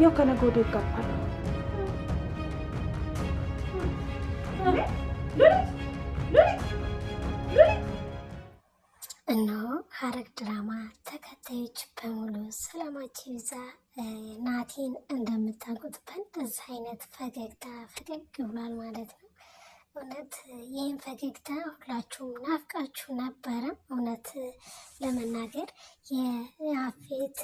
ያው ከነገ ወዲያ ይጋባል። እነሆ ሐረግ ድራማ ተከታዮች በሙሉ ሰላማችሁ ይብዛ። ናቲን እንደምታውቁት በእንደዚህ አይነት ፈገግታ ፈገግ ብሏል ማለት ነው። እውነት ይህን ፈገግታ ሁላችሁም ናፍቃችሁ ነበረ። እውነት ለመናገር የአፌት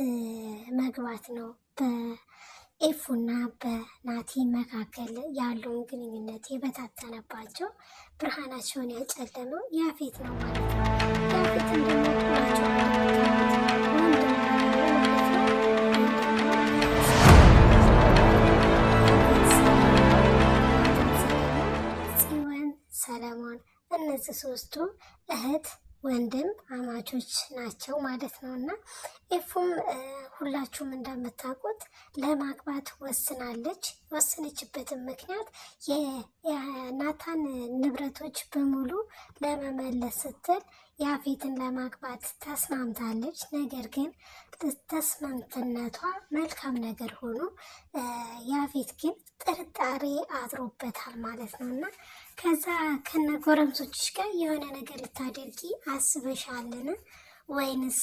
መግባት ነው በኤፉና በናቲ መካከል ያለውን ግንኙነት የበታተነባቸው ብርሃናቸውን ያጨለመው ያፌት ነው ማለት ነው። ሰለሞን እነዚህ ሶስቱ እህት ወንድም አማቾች ናቸው ማለት ነው። እና ኤፉም ሁላችሁም እንደምታውቁት ለማግባት ወስናለች። የወሰነችበትን ምክንያት የናታን ንብረቶች በሙሉ ለመመለስ ስትል ያፌትን ለማግባት ተስማምታለች። ነገር ግን ተስማምትነቷ መልካም ነገር ሆኖ ያፌት ግን ጥርጣሬ አድሮበታል ማለት ነው እና ከዛ ከነ ጎረምሶችሽ ጋር የሆነ ነገር ልታደርጊ አስበሻልን ወይንስ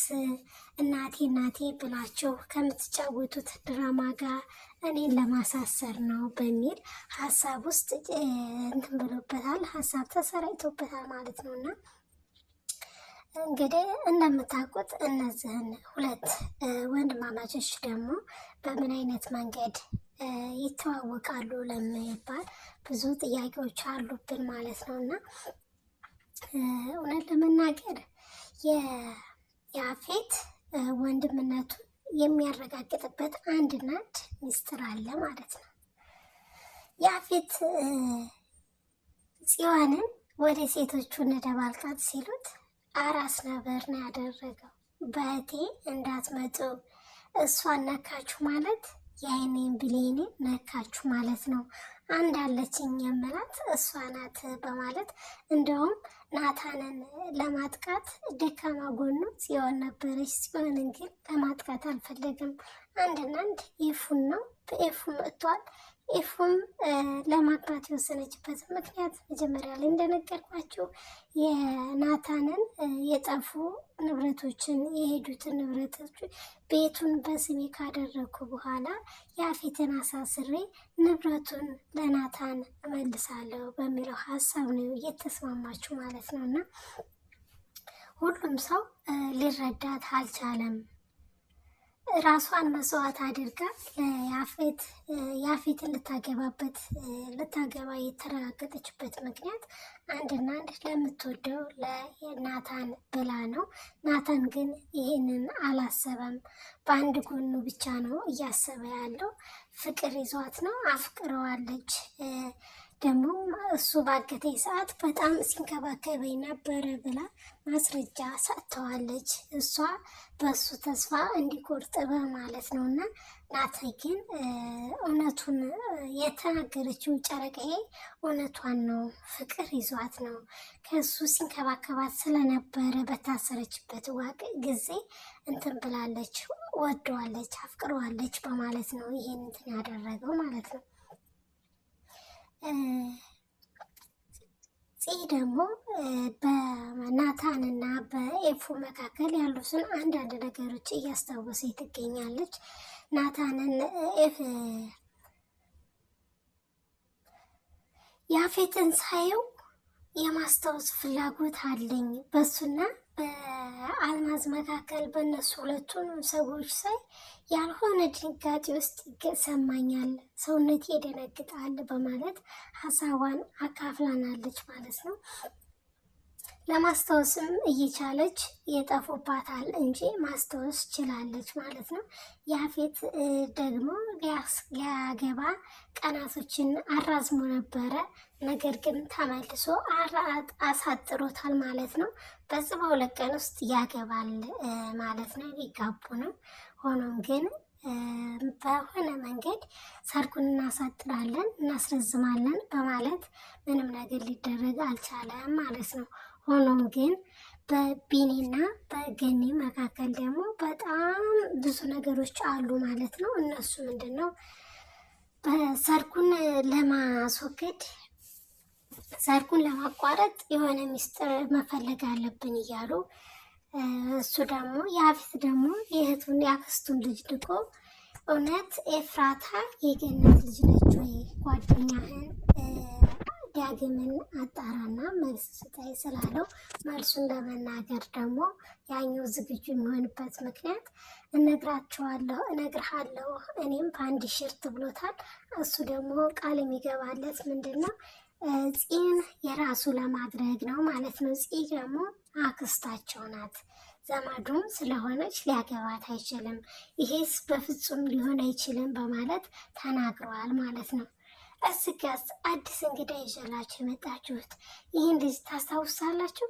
እናቴ እናቴ ብላቸው ከምትጫወቱት ድራማ ጋር እኔን ለማሳሰር ነው በሚል ሀሳብ ውስጥ እንትን ብሎበታል። ሀሳብ ተሰራይቶበታል ማለት ነው እና እንግዲህ እንደምታውቁት እነዚህን ሁለት ወንድማማቾች ደግሞ በምን አይነት መንገድ ይተዋወቃሉ ለሚባል ብዙ ጥያቄዎች አሉብን ማለት ነው እና እውነት ለመናገር የአፌት ወንድምነቱን የሚያረጋግጥበት አንድ ናድ ሚስጥር አለ ማለት ነው። የአፌት ጽዮንን ወደ ሴቶቹ እንደባልቃት ሲሉት አራስ ነበር ነው ያደረገው። በእቴ እንዳትመጡ እሷን ነካችሁ ማለት የአይኔን ብሌኔ ነካችሁ ማለት ነው። አንድ አለችኝ የምላት እሷ ናት በማለት እንደውም ናታንን ለማጥቃት ደካማ ጎኑ ጽዮን ነበረች። ጽዮንን ግን ለማጥቃት አልፈለግም። አንድና አንድ ኤፉን ነው በኤፉ መጥቷል። ኤፉም ለማግባት የወሰነችበት ምክንያት መጀመሪያ ላይ እንደነገርኳቸው የናታንን የጠፉ ንብረቶችን የሄዱትን ንብረቶች ቤቱን በስሜ ካደረግኩ በኋላ የአፌትን አሳስሬ ንብረቱን ለናታን እመልሳለሁ በሚለው ሀሳብ ነው እየተስማማችሁ ማለት ነው እና ሁሉም ሰው ሊረዳት አልቻለም። ራሷን መስዋዕት አድርጋ ያፌት ያፌትን ልታገባበት ልታገባ የተረጋገጠችበት ምክንያት አንድና አንድ ለምትወደው ለናታን ብላ ነው። ናታን ግን ይህንን አላሰበም። በአንድ ጎኑ ብቻ ነው እያሰበ ያለው። ፍቅር ይዟት ነው፣ አፍቅረዋለች ደግሞ እሱ ባገተኝ ሰዓት በጣም ሲንከባከበኝ ነበረ ብላ ማስረጃ ሰጥተዋለች። እሷ በሱ ተስፋ እንዲቆርጥ በማለት ነው። እና ናተ ግን እውነቱን የተናገረችው ጨረቃዬ እውነቷን ነው። ፍቅር ይዟት ነው ከሱ ሲንከባከባት ስለነበረ በታሰረችበት ዋቅ ጊዜ እንትን ብላለች፣ ወደዋለች፣ አፍቅረዋለች በማለት ነው ይሄን እንትን ያደረገው ማለት ነው። ይህ ደግሞ እና በኤፉ መካከል ያሉትን አንዳንድ ነገሮች እያስታወሰ ትገኛለች። ናታንን ኤፍ ያፌትን ሳየው የማስታወስ ፍላጎት አለኝ በሱና በአልማዝ መካከል በእነሱ ሁለቱን ሰዎች ሳይ ያልሆነ ድንጋጤ ውስጥ ይሰማኛል፣ ሰውነት ይደነግጣል በማለት ሀሳቧን አካፍላናለች ማለት ነው። ለማስታወስም እየቻለች የጠፉባታል እንጂ ማስታወስ ችላለች ማለት ነው። ያፌት ደግሞ ሊያገባ ቀናቶችን አራዝሞ ነበረ። ነገር ግን ተመልሶ አሳጥሮታል ማለት ነው። በዚህ በሁለት ቀን ውስጥ ያገባል ማለት ነው። ሊጋቡ ነው። ሆኖም ግን በሆነ መንገድ ሰርጉን እናሳጥራለን፣ እናስረዝማለን በማለት ምንም ነገር ሊደረግ አልቻለም ማለት ነው። ሆኖም ግን በቢኒና በገኒ መካከል ደግሞ በጣም ብዙ ነገሮች አሉ ማለት ነው። እነሱ ምንድን ነው በሰርጉን ለማስወገድ ሰርጉን ለማቋረጥ የሆነ ሚስጥር መፈለግ አለብን እያሉ እሱ ደግሞ የአፊት ደግሞ የእህቱን የአክስቱን ልጅ ድቆ እውነት ኤፍራታ የገነት ልጅ ነች ወይ ጓደኛህን ዳግምን አጣራና መልስ ስጠኝ ስላለው መልሱን ለመናገር ደግሞ ያኛው ዝግጁ የሚሆንበት ምክንያት እነግራቸዋለሁ እነግርሃለሁ እኔም በአንድ ሽርት ብሎታል። እሱ ደግሞ ቃል የሚገባለት ምንድን ነው? ፂን የራሱ ለማድረግ ነው ማለት ነው። ፂ ደግሞ አክስታቸው ናት ዘመዱም ስለሆነች ሊያገባት አይችልም። ይሄስ በፍጹም ሊሆን አይችልም በማለት ተናግረዋል ማለት ነው። እስጋስ አዲስ እንግዳ ይዘላችሁ የመጣችሁት ይህን ልጅ ታስታውሳላችሁ?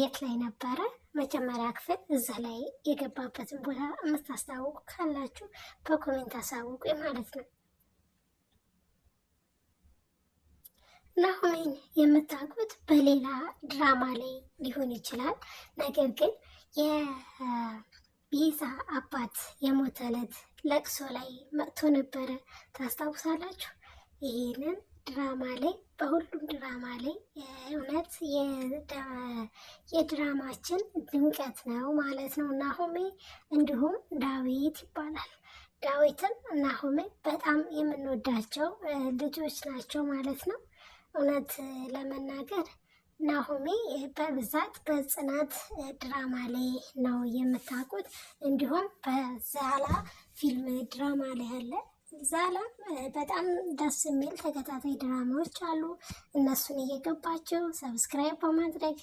የት ላይ ነበረ መጀመሪያ ክፍል? እዛ ላይ የገባበትን ቦታ የምታስታውቁ ካላችሁ በኮሜንት አሳውቁ ማለት ነው። ናሆምን የምታውቁት በሌላ ድራማ ላይ ሊሆን ይችላል። ነገር ግን የቤዛ አባት የሞተለት ለቅሶ ላይ መጥቶ ነበረ። ታስታውሳላችሁ? ይህንን ድራማ ላይ በሁሉም ድራማ ላይ እውነት የድራማችን ድምቀት ነው ማለት ነው። ናሆሜ እንዲሁም ዳዊት ይባላል። ዳዊትም ናሆሜ በጣም የምንወዳቸው ልጆች ናቸው ማለት ነው። እውነት ለመናገር ናሆሜ በብዛት በጽናት ድራማ ላይ ነው የምታውቁት። እንዲሁም በዛላ ፊልም ድራማ ላይ አለ። ዛላም በጣም ደስ የሚል ተከታታይ ድራማዎች አሉ። እነሱን እየገባቸው ሰብስክራይብ በማድረግ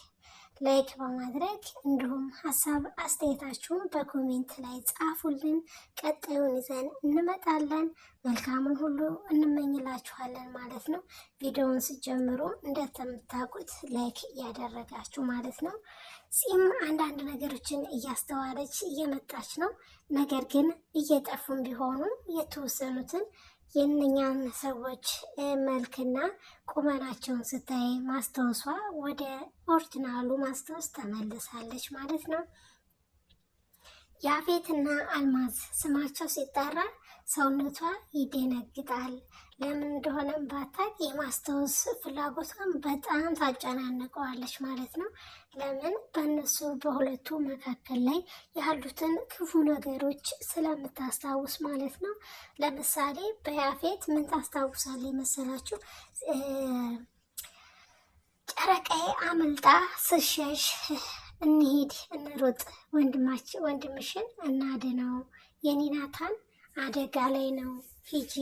ላይክ በማድረግ እንዲሁም ሀሳብ አስተያየታችሁን በኮሜንት ላይ ጻፉልን። ቀጣዩን ይዘን እንመጣለን። መልካሙን ሁሉ እንመኝላችኋለን ማለት ነው። ቪዲዮውን ስጀምሩ እንደምታውቁት ላይክ እያደረጋችሁ ማለት ነው። ፂም አንዳንድ ነገሮችን እያስተዋለች እየመጣች ነው። ነገር ግን እየጠፉም ቢሆኑ የተወሰኑትን የእነኛን ሰዎች መልክና ቁመናቸውን ስታይ ማስታወሷ ወደ ኦሪጂናሉ ማስታወስ ተመልሳለች ማለት ነው። ያፌትና አልማዝ ስማቸው ሲጠራ ሰውነቷ ይደነግጣል። ለምን እንደሆነም ባታቅ የማስታወስ ፍላጎቷን በጣም ታጨናንቀዋለች ማለት ነው። ለምን በእነሱ በሁለቱ መካከል ላይ ያሉትን ክፉ ነገሮች ስለምታስታውስ ማለት ነው። ለምሳሌ በያፌት ምን ታስታውሳል መሰላችሁ? ጨረቃዬ አምልጣ ስሸሽ እንሄድ እንሮጥ፣ ወንድምሽን እናድነው፣ የኒናታን አደጋ ላይ ነው፣ ሂጂ፣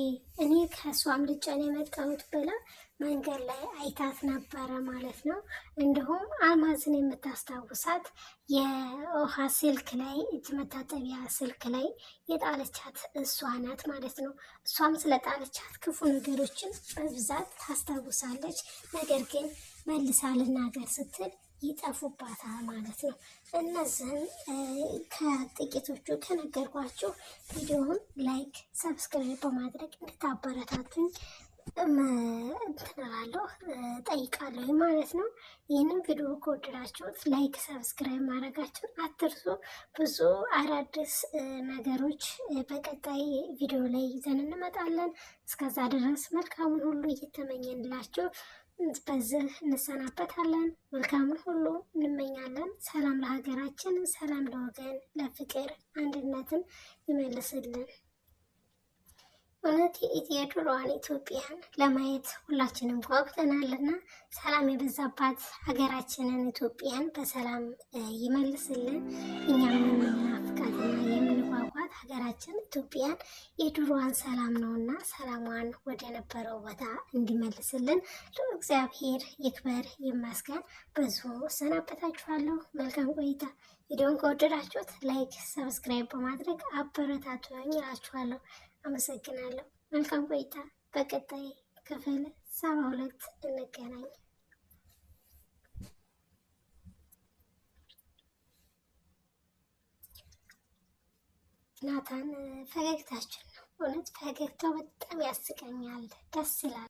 እኔ ከእሷም ልጫን የመጣሁት ብላ መንገድ ላይ አይታት ነበረ ማለት ነው። እንዲሁም አልማዝን የምታስታውሳት የውሃ ስልክ ላይ እጅ መታጠቢያ ስልክ ላይ የጣለቻት እሷ ናት ማለት ነው። እሷም ስለጣለቻት ክፉ ነገሮችን በብዛት ታስታውሳለች። ነገር ግን መልሳ ልናገር ስትል ይጠፉባታል ማለት ነው። እነዚህን ከጥቂቶቹ ከነገርኳችሁ ቪዲዮውን ላይክ፣ ሰብስክራይብ በማድረግ እንድታበረታቱኝ እንትንላለሁ ጠይቃለሁ ማለት ነው። ይህንን ቪዲዮ ከወደዳችሁት ላይክ፣ ሰብስክራይብ ማድረጋችሁን አትርሱ። ብዙ አዳዲስ ነገሮች በቀጣይ ቪዲዮ ላይ ይዘን እንመጣለን። እስከዛ ድረስ መልካሙን ሁሉ እየተመኘንላችሁ በዚህ እንሰናበታለን። መልካምን ሁሉ እንመኛለን። ሰላም ለሀገራችን፣ ሰላም ለወገን፣ ለፍቅር አንድነትን ይመልስልን። እውነት ድሮዋን ኢትዮጵያን ለማየት ሁላችንም ጓጉተናልና ሰላም የበዛባት ሀገራችንን ኢትዮጵያን በሰላም ይመልስልን። እኛም ናፍቃትና ያደረጋት ሀገራችን ኢትዮጵያን የድሮዋን ሰላም ነውና ሰላሟን ወደ ነበረው ቦታ እንዲመልስልን እግዚአብሔር ይክበር ይመስገን። በዙ እሰናበታችኋለሁ። መልካም ቆይታ። ቪዲዮን ከወደዳችሁት ላይክ፣ ሰብስክራይብ በማድረግ አበረታቱኝ እላችኋለሁ። አመሰግናለሁ። መልካም ቆይታ። በቀጣይ ክፍል ሰባ ሁለት እንገናኝ። ናታን ፈገግታችን ነው። እውነት ፈገግታው በጣም ያስቀኛል፣ ደስ ይላል።